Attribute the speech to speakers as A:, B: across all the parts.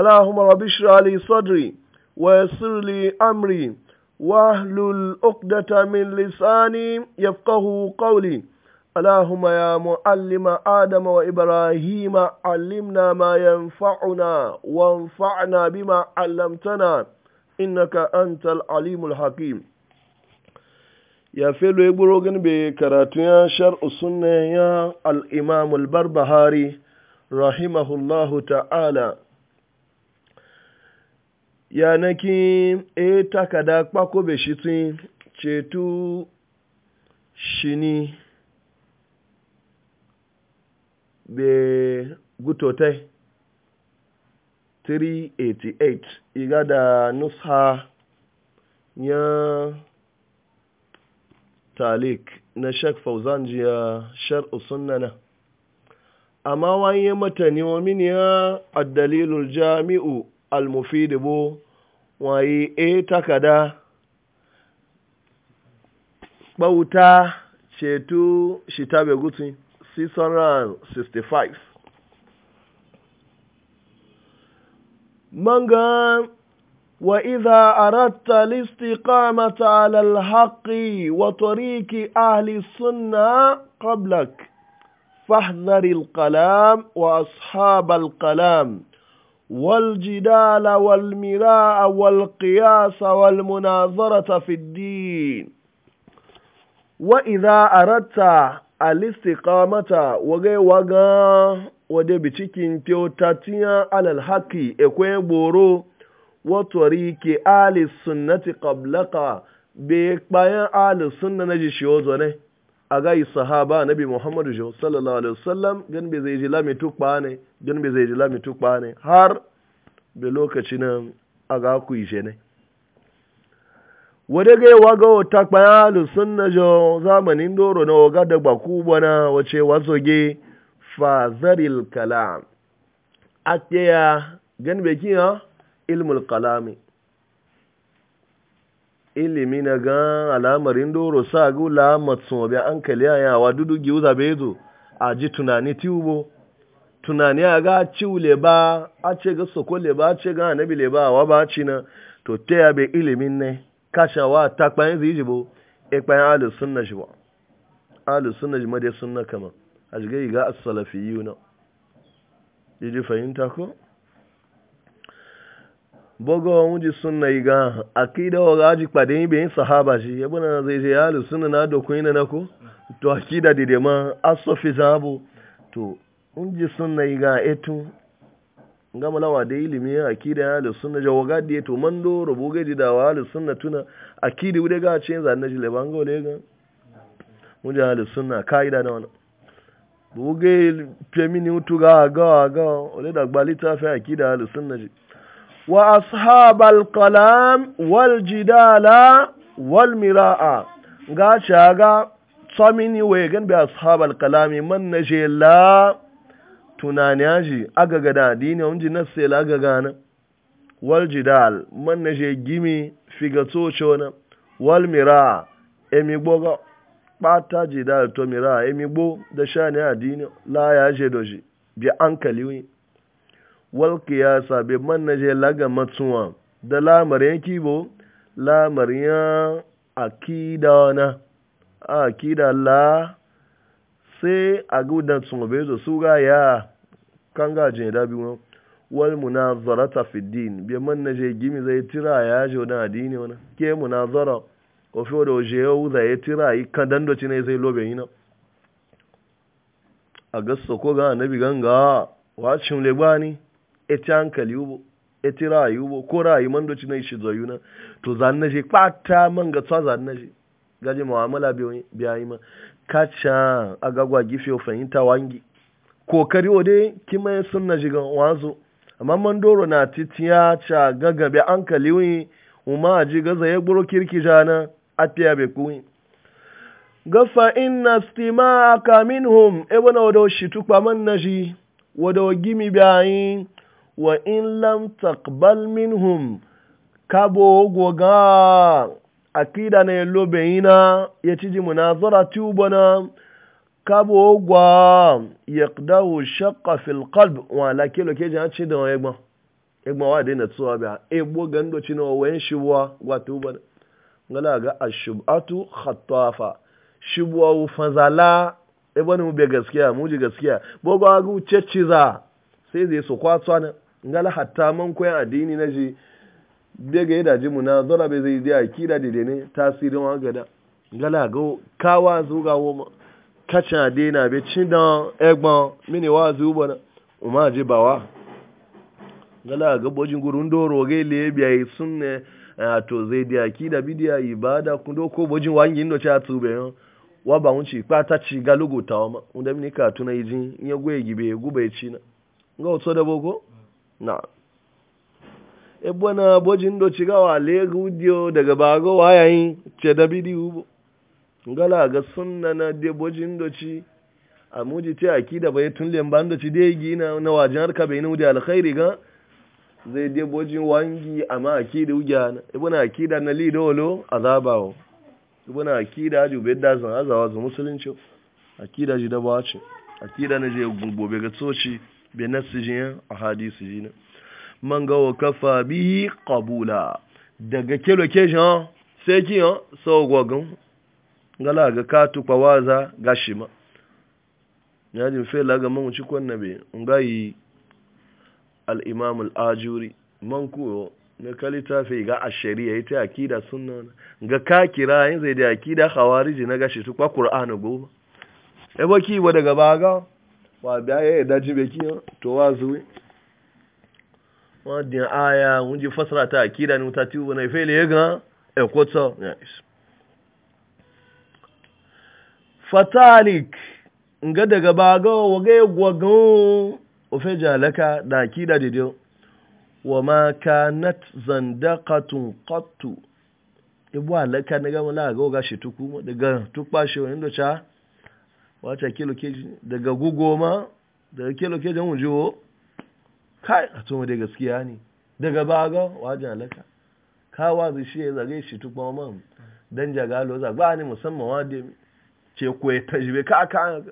A: اللهم رب اشرح لي صدري ويسر لي امري واحلل عقدة من لساني يفقه قولي اللهم يا معلم آدم وإبراهيم علمنا ما ينفعنا وانفعنا بما علمتنا إنك أنت العليم الحكيم يا فيلو يبروغن بكراتيا شرع السنة يا الإمام البربهاري رحمه الله تعالى yanakin e takada kpakobe shi tun ceto shi ni be gutotai 388 iga da nusha ya talik na shek fauzan jiya shar sunnana amma wani mata ne wa miniya addalilul jami'u al-mufid bu wai e takada bauta cetu shi ta be gutu si wa iza aratta listi kama ta alal haƙi wa toriki ahli suna kablak fahzaril kalam wa ashabal kalam والجدال والمراء والقياس والمناظرة في الدين وإذا أردت الاستقامة وغي وغا ودي تيو تاتيا على الحق اكوين بورو وطريق آل السنة قبلك بيكبايا آل السنة نجي شيوزو a gayi sahaba nabi muhammadu jo sallallahu alaihi wasallam gan bai zai ji lami tukpa ne gan bai zai ji lami tukpa ne har bai lokaci nan a ga ku shi ne wadda ga yawa ga wata kpaya lusun na jo zamanin doro na waga da baku bana wace wazoge fazaril kalam a gan bai kiya ilmul kalami ilimi na gan al'amarin doro sa gula matsun bi an kali yawa dudu giwu zabe zo a ji tunani tiwo tunani a ga ciwu wule ba a ce ga soko le ba a ce ga anabi le ba wa ba ci na to te ya be ilimin ne kasha wa ta kpan zai jibo e kpayin alu sunna shi ba alu sunna ji ma dai sunna kama a shiga yi ga as-salafiyuna ji fahimta ko bogo wuji sunna yi ga akida wa gaji kpade yi bayin sahaba shi ya na zai je yalu sunna na doku yi na ko to akida dide ma asofi zabu to wuji sunna yi ga etu nga malawa da ilimi ya akida ya yalu sunna jawa gadi ya to mando rubu gaji da wa yalu sunna tuna akidi wude ga ce zan na ji jile bango le ga wuji yalu sunna kaida na wani buge pemini utu ga ga ga ole da gbalita fa akida yalu sunna ji. wa ashabal kalam wal jidala wal mira'a ga shaga tsamini wa gan bi ashabal kalami man na je la tunani aji aga ga dadi ne wani na sai la ga na wal jidal man na je gimi figa tocho na wal mira'a bata jidal to mira'a emi da shani adini la ya je doji bi wal qiyasa be man je laga matsuwa da lamarin kibo lamarin akida na akida la sai a gudan tsumbe zo su ya kan gajin da biyu wal munazara fi din bi man je gimi zai tira ya je wadan adini wani ke munazara ko fi da je yau ya tira yi kan dando ci ne zai lobe yina a gasa ko ga nabi ganga wacin ni. eti hankali ubo eti rayu ubo ko rayu man doci na shi zayu na to zanna je kpata man ga tsa zanna je gaje mu'amala biya yi ma kacha agagwa gife o fahimta wangi kokari o dai kima ya sun na jigan wazo amma man doro na titiya cha bi hankali wi umma ji ga zaye gburo kirki jana afiya be ku gafa inna stima'aka minhum ebona wada shi tukpa man na ji wada gimi bayin wa in lam taqbal minhum kabo goga akida na lobe ina ya ciji munazara tubana kabo gwa yaqdahu shaqqa fil qalb wa la kilo ke jan ci da egba egba wa de na tsuwa ba egbo gando ci no wen shiwa wa tubana ngala ga ashubatu khattafa shibwa fazala ebani mu be gaskiya mu ji gaskiya bogo ga u cecciza sai zai su kwatsa ngala hatta man koyan addini na je daga yi daji mu na zara bai zai da kira da ne tasirin wa gada ngala ga kawa zuga wo kacin adina bai cin da egbon mini wa zuba na umma ji bawa ngala ga bojin gurun doro ga le biya sunne to zai da kida bidiya ibada kundo ko bojin wangi ndo cha tube yo wa ba wunci pata ci galugo tawama unda mini ka tuna yijin ya gwe gibe gube ci na ga otso da boko na ebona bojin do cigawa le gudiyo daga bago wayayin ce da bidiyu ngala ga sunna na de bojin do ci a muji ce akida bai tun lemban do ci de gina na wajen harka bai nudi alkhairi ga zai de bojin wangi amma akida uja ebona akida na lidolo azabawo ebona akida ju bedda zan azawa zu musulunci akida ji da bawace akida na je gobe ga tsoci be nasu jiya a hadisi ne man ga wa kafa bi qabula daga ke location sai ki yo sau gwagon gala ga ka tu kwawaza gashima yajin fela ga man wuce kwanna be in al imam al ajuri man kuwa na kalita fi ga ashariya ita akida sunna ga ka kira yin zai da akida ji na gashi su kwa qur'ani goma e baki wa daga baga wa biya ya daji beki to wa zuwe wadin aya mun ji fasara ta akida ni ta tiwo na fele ga e kwatsa fatalik nga daga baga wa ga gwago ofe jalaka da akida didio wa ma kanat zandaqatun qattu ibu alaka na ga mala ga ga shi daga tukpa shi wani do cha wata kilo keji daga gugoma daga kilo kejin wujewo kai a tuma dai gaskiya ne daga baga wajen alaka kawa zai shi ya zage shi tukwa man dan jagalo za ba ni musamman wadda ce ko ya tajbe ka ka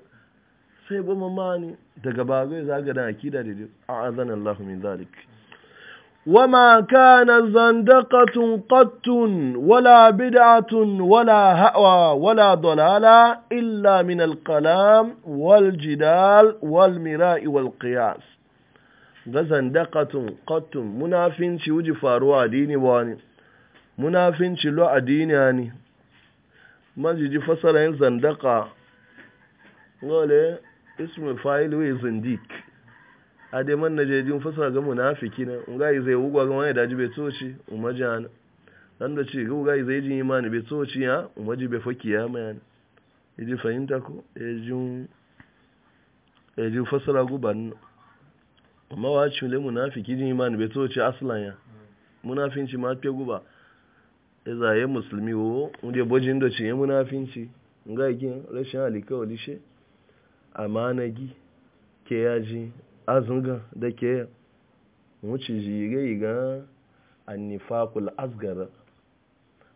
A: sai goma ma ne daga baga ya zaga da akida da a azanin Allah min zalik وما كان زندقة قط ولا بدعة ولا هأوى ولا ضلالة إلا من القلام والجدال والمراء والقياس زندقة قط منافين شوجي فاروا ديني واني منافين شلو أديني يعني ما جي فصلين زندقة قال اسم فايل ويزنديك ade man na jejin fasa ga munafiki na nga yi zai wugwa ga wani daji be tsoci umaji ana dan da ce ga yi zai jin imani bai tsoci ya umaji be faki ya mai ana yaji e fahimta ko yajin e yajin e fasara guban amma wa ci le munafiki jin imani bai tsoci aslan ya munafinci ma fe guba ya zaye musulmi wo inda bojin da ce ya munafinci nga yi rashin alikawalishe amanagi ke yaji azunga da ke wuce jigai ga annifakul asgar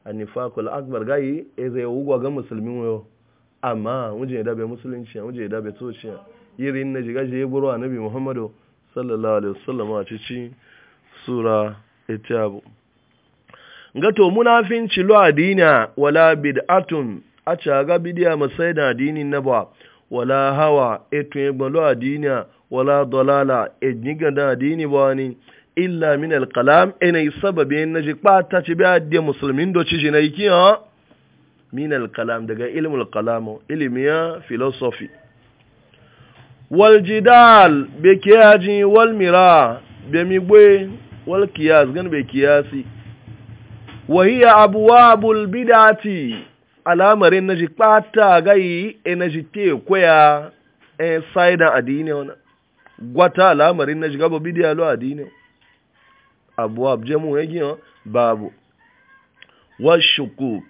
A: annifakul asgar gayi e zai wugwa ga musulmin wuyo amma wuje da bai musulunci wuje da bai tsoci yirin na jigaje ya buru annabi muhammadu sallallahu alaihi wasallam a cici sura etiabu gato munafinci lo adina wala bid'atun a ga bidiya masai da adinin na ba wala hawa etun egbon lo adina wala dalala ejniga da dini bani illa min alqalam ina sababi na ji kpata ci bi adde musulmin do ci ji na iki ha min alqalam daga ilmul qalam ilmiya philosophy wal jidal be kiyaji wal mira be mi gbe wal kiyas gan be kiyasi wa hiya abwabul bid'ati alamarin na ji kpata gai ina ji te koya e saida adini ona gwata al'amarin na shiga ba bidiya lo adini abu mu ya giyan babu wa shukuk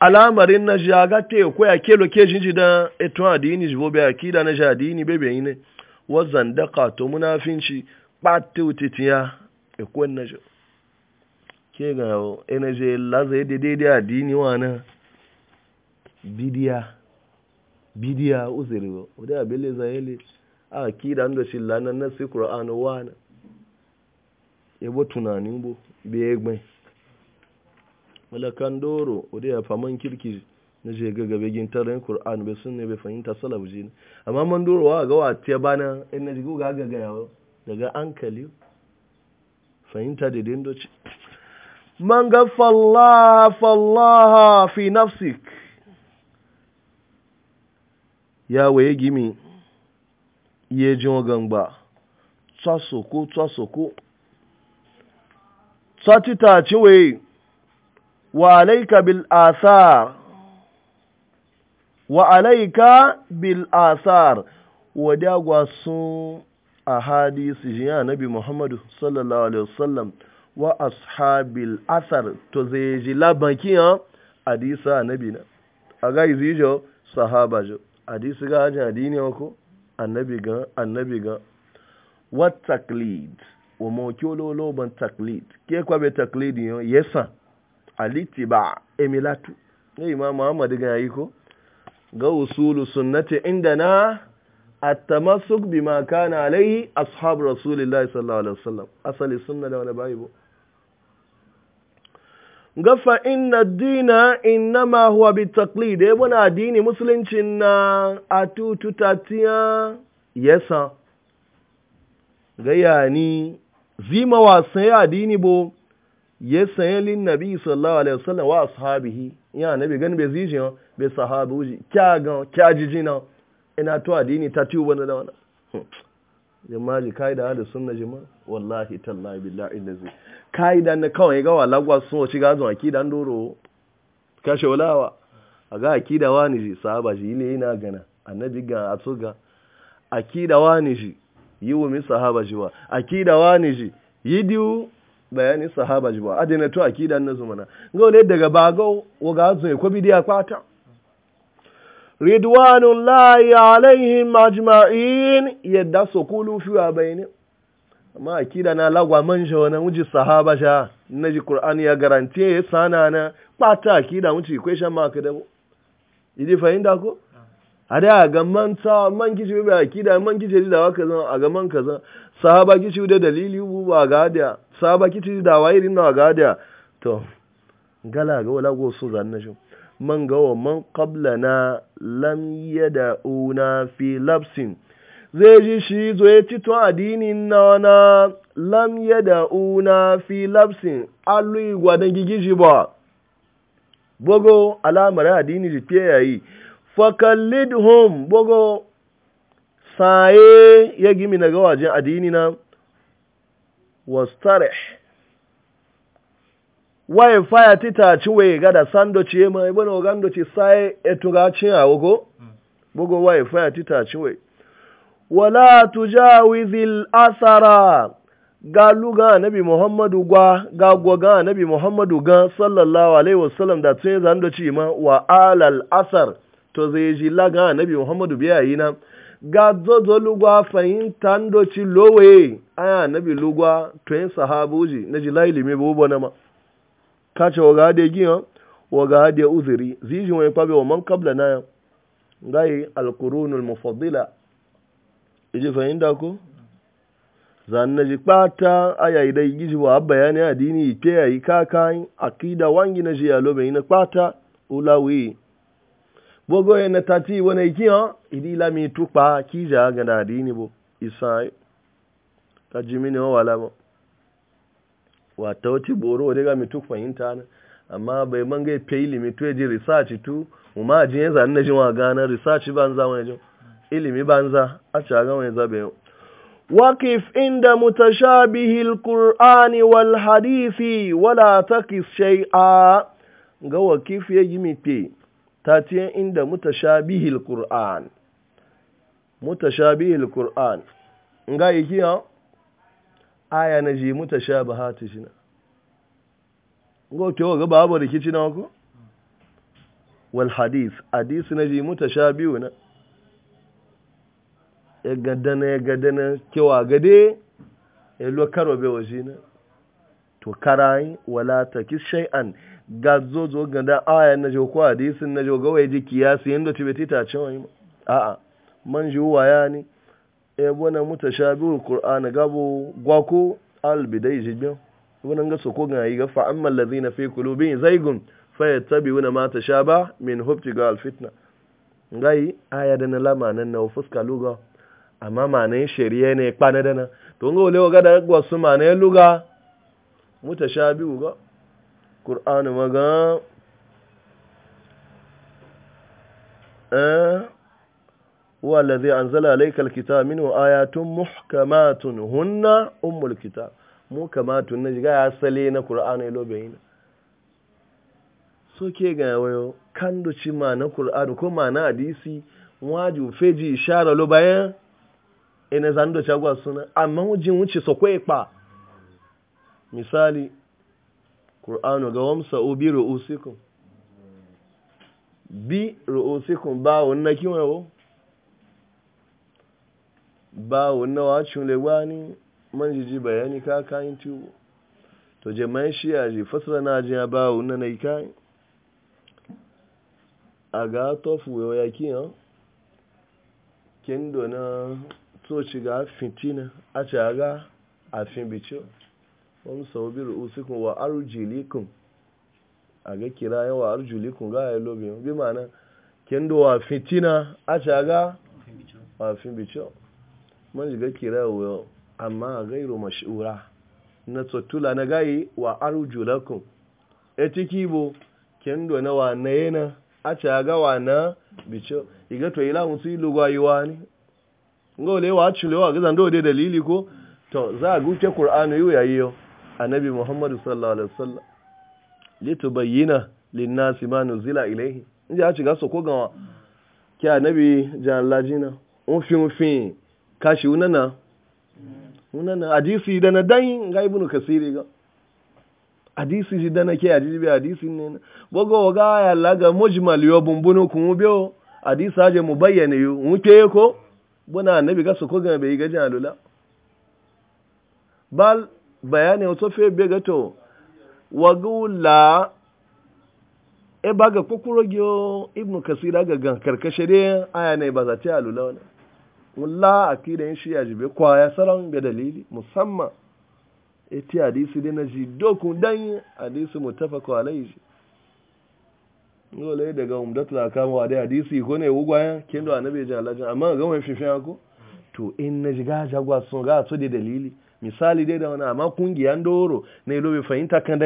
A: al'amarin na shiga ga te ko ya ke shi ji dan eto adini jibo be akida na shi adini bebe yine wa zandaka to munafinci patu titiya ya e ko na shi ke ga energy laza yadda daidai adini na bidiya bidiya uzuri ba wadda lezayen lezayen a kida da shi lanar na sai qur'ani wana yabo tunanin bo be egbe malakan doro ode ya faman kirki na je ga gabe gin tarin qur'ani be sunne be fahimta salabuji ne amma man doro wa ga wa tiya bana in na jigo ga ga yawo daga ankali fahimta da dindoci man ga fallaha fallaha fi nafsik ya waye gimi iya jin wagan ba tsasoko tsasoko tsati ta ciwe wa alaika bil asar wa alaika bil asar sun gwasun a hadisi ya nabi muhammadu sallallahu alaihi wasallam wa ashabil asar to zai ji laban ya hadisa nabi na a ga jo sahaba jo hadisi ga hajji adini ko annabi ga annabi ga taklid wa mo kyolo taklid ke kwa be taklid yo yesa alitiba emilatu ne imam muhammad ga yi ko ga usulu sunnati indana at-tamassuk bima kana alayhi ashab rasulillahi sallallahu alaihi wasallam asali sunna da wala bayi gafa inna dina innama huwa bi taqlid e bona dini musuluncin na atutu tatiya yesa ga ni zima wasan ya dini bo ya sanya lin nabi sallallahu alaihi wasallam wa ashabihi ya nabi gani be zijin be sahabuji kya ga kya jijina ina to adini tatiyu wani da wani hm. jama'a kaida da sunna jima wallahi tallahi billahi allazi kaida na kawai ga wala gwa sun wuce ga zuwa akida ndoro kashe walawa a ga akida wani ji sahaba ji ne ina gana annabi ga atuga akida wani ji yiwu mi sahaba ji wa akida wani ji yi bayani sahaba ji wa adina to akida na zumana ga wale daga bago wa ga zuwa ko bidiya kwata ridwanullahi alaihim ajma'in yadda su kulu fiwa bayani amma akida na lagwa man sha wani wuji sahaba sha na ji qur'ani ya garanti ya sana na pata akida wuci kwai shan maka da idi fahimta ko a da ga man ta man kici bai akida man kici da waka zan a ga man kaza sahaba kici da dalili bu ba ga da sahaba kici da irin na ga da to gala ga wala go so zan na shi man ga wa man qablana lam yad'una fi labsin zai ji shi zo ya ci tun addinin na wana lam yad'una fi labsin alu gwadan gigiji ba bogo alamar addini ji fiye yayi fakallidhum bogo saye ya gimi na gawajin addini na wastarih waye faya tita ci wai gada sando ci ma no gando ci sai ga ci wogo bogo hmm. waye faya tita ci waye wala tujawizil asara galu ga nabi muhammadu gwa ga gwa ga nabi muhammadu ga sallallahu alaihi wasallam da tun zando ci ma wa alal asar to zai ji la ga nabi muhammadu biya yi na ga zozo lugwa fahimta ndo ci lowe aya nabi lugwa to yin sahabuji na ji lailimi bobo na ma kace wa gade giya wa gade uzuri Zizi wani fabe wa man kabla na ya ngai alqurunul mufaddila Iji fahimta ko zanna ji kpata aya idai giji wa bayani adini ke yayi kakan akida wangi na ji yalo bai na kpata ulawi bogo ya na tati wani ikiya idi lami tupa kija ga na adini bo isai ka jimini wa wala mo watoti boro daga mitu fahimta amma bai man gai fe ilimi to research tu umma ajin yanzu an najin wa gana research banza wani ilimi banza a ci ga wani zabe inda mutashabihi متشابه wal والحديث wala تقف shay'a ga wakif ya yi mife ta inda mutashabihi alquran mutashabihi alquran nga yi aya na ji muta sha ba hatu shi na goke wa ba abu rikici na wako wal hadis hadis na ji muta sha biyu na ya e gadana ya e gadana kewa gade ya e lo karo bai waje na to karayi wala ta kis shay'an ga zozo gada aya na ji ko hadisun na ji ga waje kiyasi yanda tibetita cewa a'a man ji waya ne ebona mutashabihul qur'an gabo gwako albidai jibin wannan ga soko ga yi ga fa amma allazina fi qulubihim zaygun fayattabi'una ma tashaba min gal alfitna ngai aya da na lama nan na fuska luga amma mane shari'a ne kpa na dana to ngo lewo ga da wasu manan luga mutashabihu ga qur'an maga eh huwa allazi anzala alayka alkitaba minhu ayatun muhkamatun hunna ummul kitab muhkamatun ne ga asali na qur'ani lo bayina so ke ga wayo do ci ma na qur'ani ko ma na hadisi waju feji ishara lo bayan ene zando chagwa suna amma wujin wuce so ko ipa misali qur'anu ga wamsa ubi ru'usikum bi ru'usikum ba wannan kiwayo ba wannan wacin legwani man jiji bayani ka kayan tubo to jama'in shi a ji fasara na jiya ba wannan na yi kayan a ga tofu yaki ya kiyan kendo na tsoci ga fitina a ce a ga a fin bicin wani sau biyu usikun wa arjulikun a ga kira yawa arjulikun ga ya lobe bi ma'ana kendo wa fitina a ce a ga a fin bicin man jiga kira wuyo amma gairu mashura na tsotula na gayi wa arju lakum etiki bo kendo na wa na yana a ca ga wa na bicho iga to ila musu ilu gwayuwa ne ngole wa chule wa gizan dode dalili ko to za a guce qur'anu yu A annabi muhammad sallallahu alaihi wasallam litubayyana linnasi ma nuzila ilayhi inji a ci ga so ko ga ki nabi jan lajina un fin fin kashi unana unana hadisi da na dai ga ibnu kasiri ga hadisi ji dana ke hadisi bi hadisi ne bogo ga ya laga mujmal yo bumbunu mu biyo hadisi aje mu bayyana yo ke ko buna annabi ga su ko ga bai ga jalula bal bayani wato fe be ga to wagula e baga kokoro gyo ibnu kasira ga gan karkashe dai aya ne ba za ta alula wannan wula a kidan shi ya jibe kwaya salon ga dalili musamman ita hadisi dina na ji dokun dan hadisi mutafaka shi dole daga umdatu da kama dai hadisi ko ne wugwayan kendo a nabe jan alajin amma ga wani fifin ko to in na ga jagwa sun ga su da dalili misali dai da wani amma kungiyan doro yi lobe fahimta kan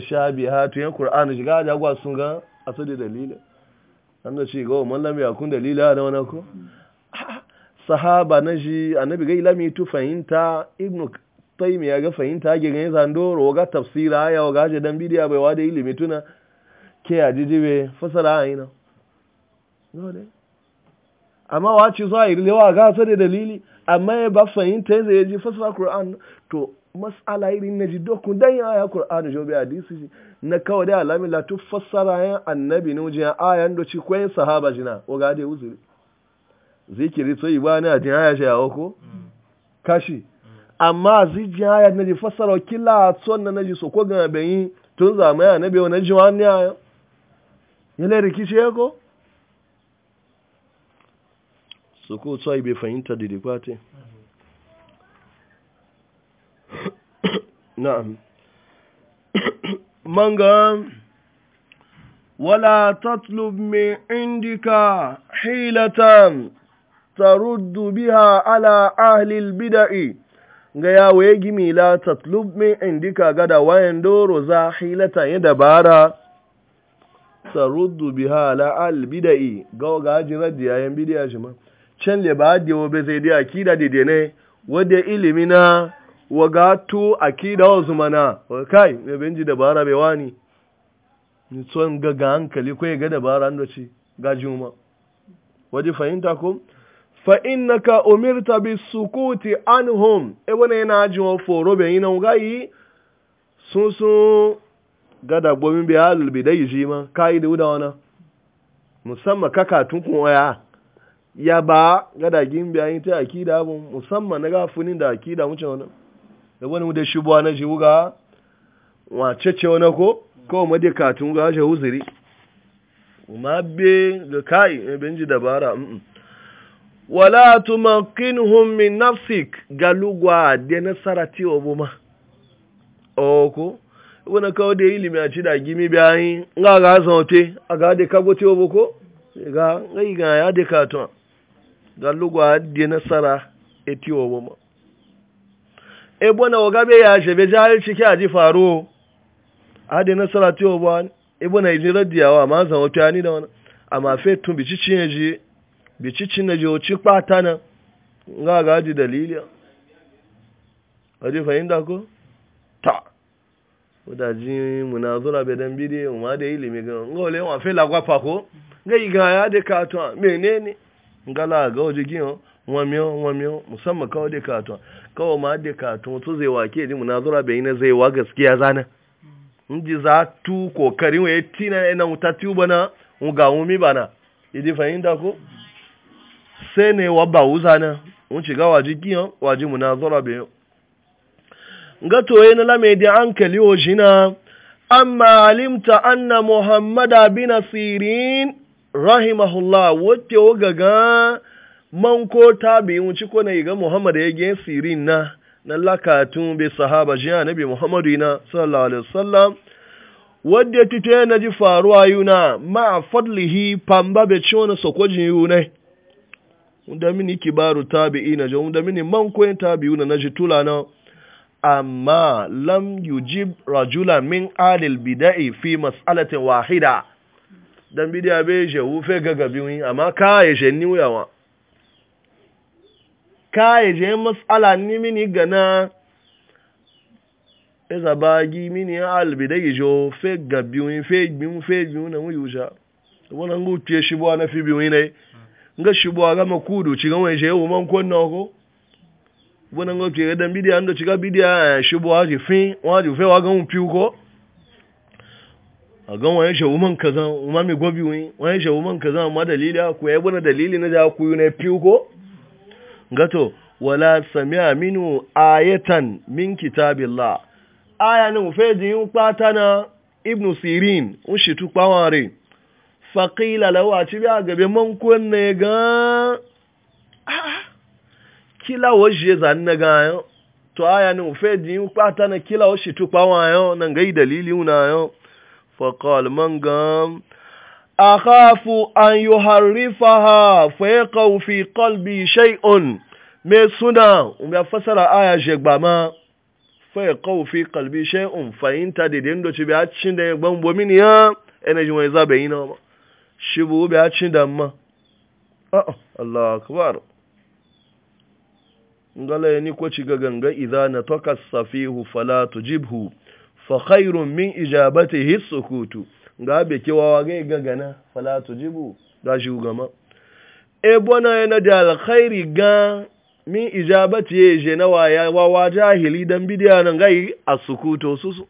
A: sha biyu ha to yan qur'ani ga jagwa sun ga a su da dalili da ce ga man lam yakun dalila da wani ko sahaba na shi annabi gai lamitu fahimta ibnu taimi ya ga fahimta ake ganin zando ga tafsira ya waga shi dan bidiya bai wada ilimi tuna ke a jijibe fasara aina dole amma wa ci zahiri lewa ga sa da dalili amma ya ba fahimta ya ya ji fasara qur'an to mas'ala irin na ji dokun dan ya ya qur'an jo bi hadisi na kawai da alami la tu fasara yan annabi ne wajen ayan do ci kwai sahaba jina o ga uzuri zikiri to yi bani a jin haya shi a kashi amma zikin haya na ji fassara kila tson na naji soko ga bayi tun zamaya na biyo na ji wani ya yale rikici ya ko soko tsoyi bai fahimta da dikwate na'am manga wala tatlub min indika hilatan taruddu biha ala ahlil bida'i ga yawo gimi la tatlub min indika gada wayan doro za hilata ya dabara taruddu biha ala ahlil bida'i ga ga jirar da yayin bidiya shi ma can le ba da wo be sai da akida dide ne wadda ilimina waga to akida wa zumana kai me benji dabara be wani ni tsohon ga hankali ko ya ga dabara an da ce ga juma waje fahimta ko fa innaka umirta bisukuti anhum ebona yana ina foro be yin gayi sun sun gada gomin bi halul bidai ji ma kai da wana musamman kaka tun kun ya ba gada gin bi ayin ta akida bu musamman na gafunin da akida mu ce wannan da wani da shubuwa na jiwuga wa cece wani ko ko ma dai katun ga shi huzuri ma be kai ben ji dabara mm wala tumakinhum min nafsik galugwa de nasara ti obuma oko wona kawo de ilimi aci da gimi bayan nga ga zan ote aga de kago ti oboko ga ngai ga ya de katon galugwa de nasara eti obuma e bona oga ya je be jahil ciki aji faro ade nasara ti obwa e bona idin radiyawa ma zan ote ani da wana amma fe tumbi cici bicicin na joci kwata nan ga gaji dalili waje fahimta ko ta wadaji munazura bai dan bidiyo ma da ilimi ga ngole wa fe lagwa pa ko ga iga ya de ka to menene ngala ga waje gin wa miyo wa miyo musamman kawo de ka to kawo ma de ka to to zai wake ji munazura bai na zai wa gaskiya zana inji za tu kokarin wa yatina na mutatu e na ga umi bana idi fahimta ko sai ne wa ba wuza na mun shiga waji giyan waji munazara be nga to yana la me da hankali o jina amma alimta anna muhammada bin sirin rahimahullah wote o gaga man ko bi un ci ko ne ga muhammad ya ge sirin na na lakatun bi sahaba ji annabi muhammadu na sallallahu alaihi wasallam wadda tito yana ji faruwa yuna ma fadlihi pamba be ciwon sokojin yunai wanda mini kibaru tabi ina jan wanda mini man koyin tabi'u na naji tula na amma lam yujib rajula min alil bida'i fi mas'alatin wahida dan bidiya be je wufe gaga biyu amma ka je ni wuyawa ka ya je mas'ala ni mini gana eza gi mini al bida'i jo fe gabiyu fe gbiyu fe gbiyu na wuyuja wannan gutu ya shi bo na fi biyu ne nga shibwa ga makudu chiga mwe je wo man ko noko bona ngo chiga da bidia ando chiga eh, bidia shibwa ji fin wa ji fe wa ga un piu ko agan wa je wo man kaza wo ma mi gobi wi wa je wo man kaza ma dalili ku ya bona dalili na ja ku ne pi uko ngato wala sami'a minu ayatan min kitabillah aya ni mu fe di un patana ibnu sirin un shi tu faƙila lawaci biya gabe man kunne ga kila waje zan na ga to aya ni ufe mu kwata na kila waje tu yau na nan yi dalili wuna yau faƙal man ga kafu an yi yuharrifaha fa yaqaw fi shai shay'un me suna um ya fasara aya je gba ma fai kawfi fi qalbi shay'un un fahimta da den do ci biya cin da gban bomini ya wani wai zabe ina ma Shibu bu biya ci damma a'a ah, Allah akbar ngala yani ko ci gaganga idza na takas safihu fala tujibhu fa khairun min ijabatihi sukutu ga kiwa wage ga gagana fala tujibu da shi gama e bona yana da alkhairi ga min ijabati ye je na waya wa jahili dan bidiya nan gai a susu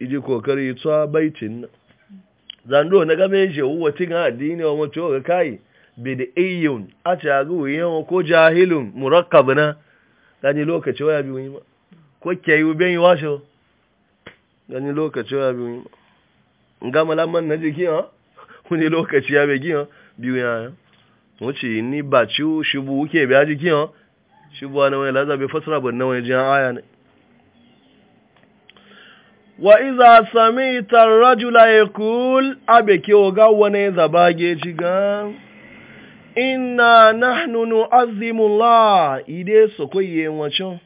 A: iji kokari tsa baitin nan zando na game je wuwa tin addini wa mutu ga kai bid'iyun a ta ga wuyan ko jahilun murakkab na gani lokaci waya biyu ma ko kayu ben washo gani lokaci waya biyu ma ngama lamman na jiki ha kuni lokaci ya begi ha biyu ya wuce ni ba ciwo shubu uke biya jiki ha shubu na wani lazabe fasara ban na wani jan aya ne wa iza samita rajula yaqul abeke ga wane zabage jiga inna nahnu nu'azzimu Allah ide sokoye wacho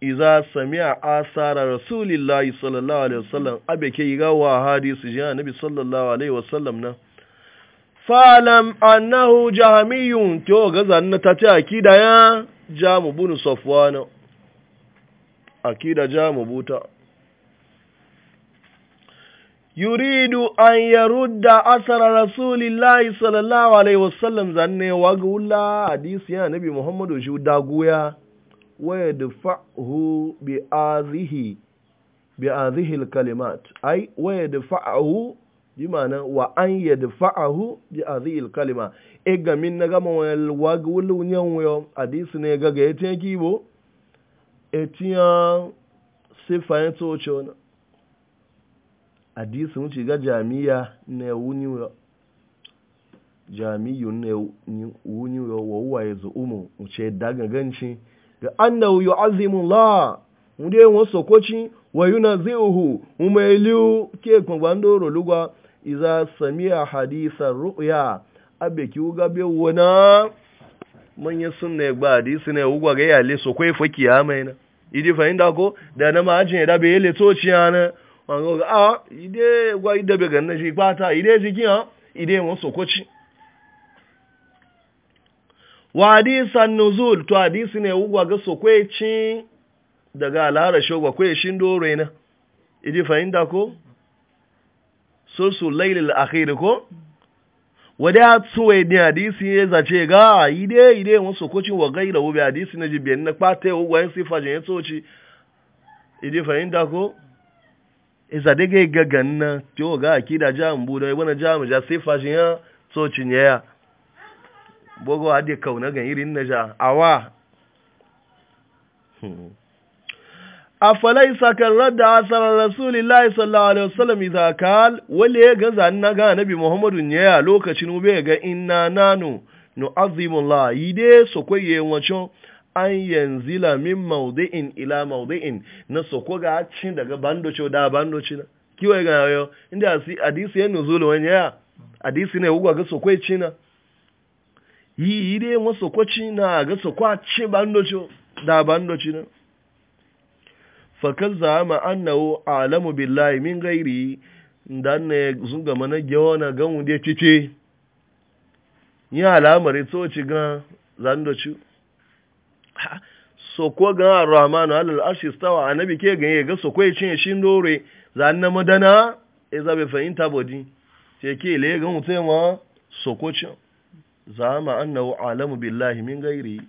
A: iza sami'a asara rasulillahi sallallahu alaihi wasallam abe ke ga wa hadisi jiya nabi sallallahu alaihi wasallam na falam annahu jahmiyun to ga zanna ta ta akida ya jamu bunu safwana akida jamu buta yuridu an yarudda asara rasulillahi sallallahu alaihi wasallam zanne wa gula hadisi ya nabi muhammadu shi daguya wa yadfa'hu bi azihi bi azihi alkalimat ai wa yadfa'hu bi ma'ana wa an yadfa'hu bi azihi alkalima e ga min na gama wa gula nyan wo hadisi ne ga ga yake kibo etiyan sifayin tsocho na hadisi wuce ga jamiu na wuniwa jami'u na wuniwa wawuwa ya zo umu wuce daga ganci ga annahu yu'azimu la wunde won sokoci wa yunazihu umailu ke kwangbando rolugwa iza sami'a hadisa ru'ya abe ki uga be wona manya sunna gba na ne ugwa ga yale sokoi fokiya mai na idi fahimta ko da na ma ajin da be yele tociya na mango ga a ah, ide gwa ide be ganna shi kwata ide jiki ha ide mu sokoci wa hadisan nuzul to hadisi ne ugwa ga sokweci daga alara shogwa kwe shin dore na idi fahimta ko sulsul lailil akhir ko wada tsuwe ne hadisi ya zace ga ide ide mu sokoci wa gaira wo be hadisi na jibiyan na kwata ugwa yin sifa jin ya tsoci idi fahimta ko iza daga gagan nan o ga da jam bu da ibana jam ja sai fashin ya so cinye ya bogo hade kauna gan irin na ja awa afalaisa kan radda asarar rasulillahi sallallahu alaihi wasallam idza kal wale ya gaza na ga nabi muhammadu ne ya lokacin ube ga inna nanu nu'azzimu allah yide so koyi wacho an yanzila min maudi'in ila maudi'in na soko ga cin daga bandoci da bandoci na kiwa ga yo inda si hadisi yan nuzulu wani ya hadisi ne wuga ga soko ci na yi yi dai wa soko ci na ga soko a ci bandoci da bandoci na fakar zama annahu alamu billahi min gairi dan ne zunga mana gewona gan wunde cice ni alamari so ci gan ci soko ga rahmanu alal arshi stawa annabi ke ganye ga soko ya cinye shi dore za na madana e za bai fahimta bodi sai ke le ga mutum ma soko cin za ma annahu alamu billahi min gairi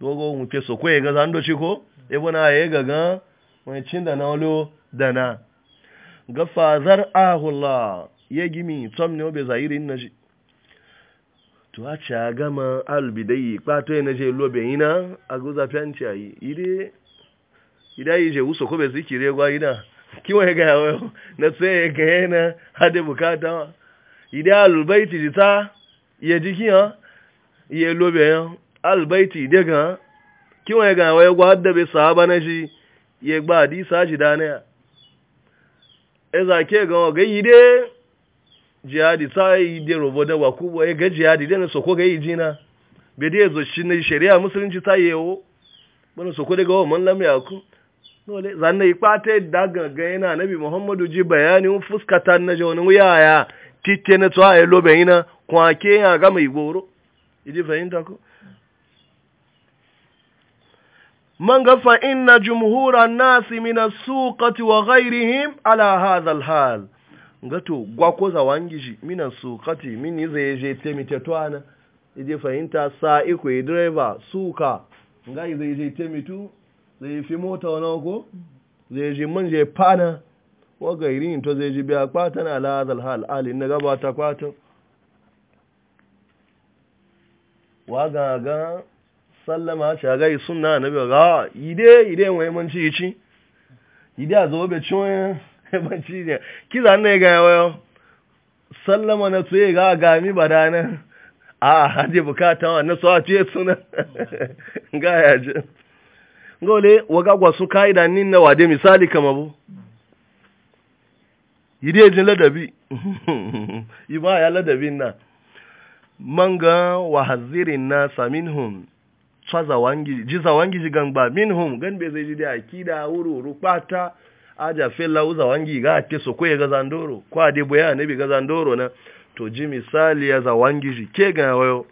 A: dogo mu ke soko ya ga zando ci ko e bona ya ga ga wani cin da na dana ga fazar ahullah ya gimi tom ne obe zairi na ji to a ci a gama albidayi kpato yana je lobe yina a goza fiyanci a yi ire ida yi je wuso kobe zikire gwa yina kiwon ya gaya wayo na tsaye ya e gaya na hade bukata ida albaiti ji ta iya jiki ya iya lobe ya albaiti ide ga ya gaya wayo gwa hadda bai sahaba na shi ya gba e hadisa shi dana ya ezake ga wa gayi dai jihadi sa yi da robo da waku ba ya ga jihadi dai na soko ga yi jina be dai zo shi ne shari'a musulunci ta yewo bana soko daga wa man ya ku dole zanna yi kwata da ga yana nabi muhammadu ji bayani un fuskata na jawani wuyaya tite na a ya lobe yana kwake ya ga mai goro idi fahimta ko man ga fa inna jumhuran nasi min as-suqati wa ghayrihim ala hadha al-hal gato gwako za shi minan su kati mini zai je temite tuwana ije fahimta sa iko yi e direba suka yi zai je temitu zai fi mota wani ko zai je man je fana wa gairi to zai ji biya kwatan ala zal hal ali na gaba ta kwatan wa ga ga sallama shagai na biya ga ide ide manci yi ci yi dai a zo be ciwon manci ne kiza ne ga yawayo sallama na tsaye ga gami ba dana nan a haje bukata wa na tsawa ce suna ga ya ji gole waga gwasu ka'ida nin na wade misali kama bu yi dai jin ladabi yi ba ya ladabi na manga wa hazirin na minhum tsaza wangi ji za wangi ji gangba minhum gan be zai ji da akida wuru wuru kwata aja fella uza wangi ga te so kwe ga zandoro kwa de boya ne bi ga zandoro na to ji misali ya za wangi ji ke ga wayo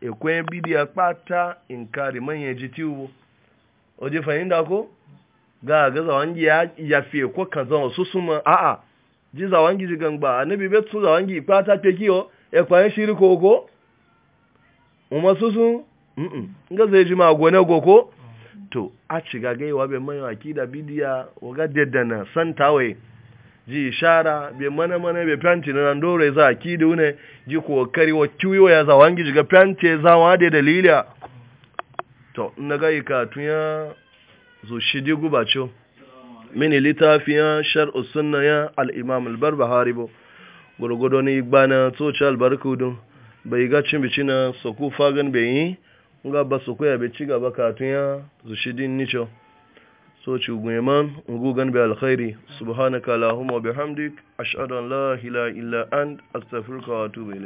A: e kwen bidi akpata inkari manye ji tiwo oje fahimta ko ga ga za wangi ya ya fi ko kan zan su suma a a ji za wangi ji gangba annabi be su za wangi pe te kiyo e kwa shiri koko umma susu mm nga zai ji ma gone to a gagai gaiwa bai mai akida bidiya waga daddana tawai. ji ishara bai mana mana bai fiyanci na nan dore za a kidi wune ji kari wa kiwo ya za wangi jiga fiyanci za wa da dalila to na gai ka ya zo shidi gubacho mini littafiyan shar'u sunna ya al-imam al-barbahari bo gurgudo ni gbana to ci albarkudun bai ga cin bici bai yi nga ba ko koya bai ci gaba katun ya shidin nicho so ci guiman gugan bi alkhairi subhanaka allahumma bihamdik ashhadu an la ilaha illa ant astaghfiruka wa atubu ilayk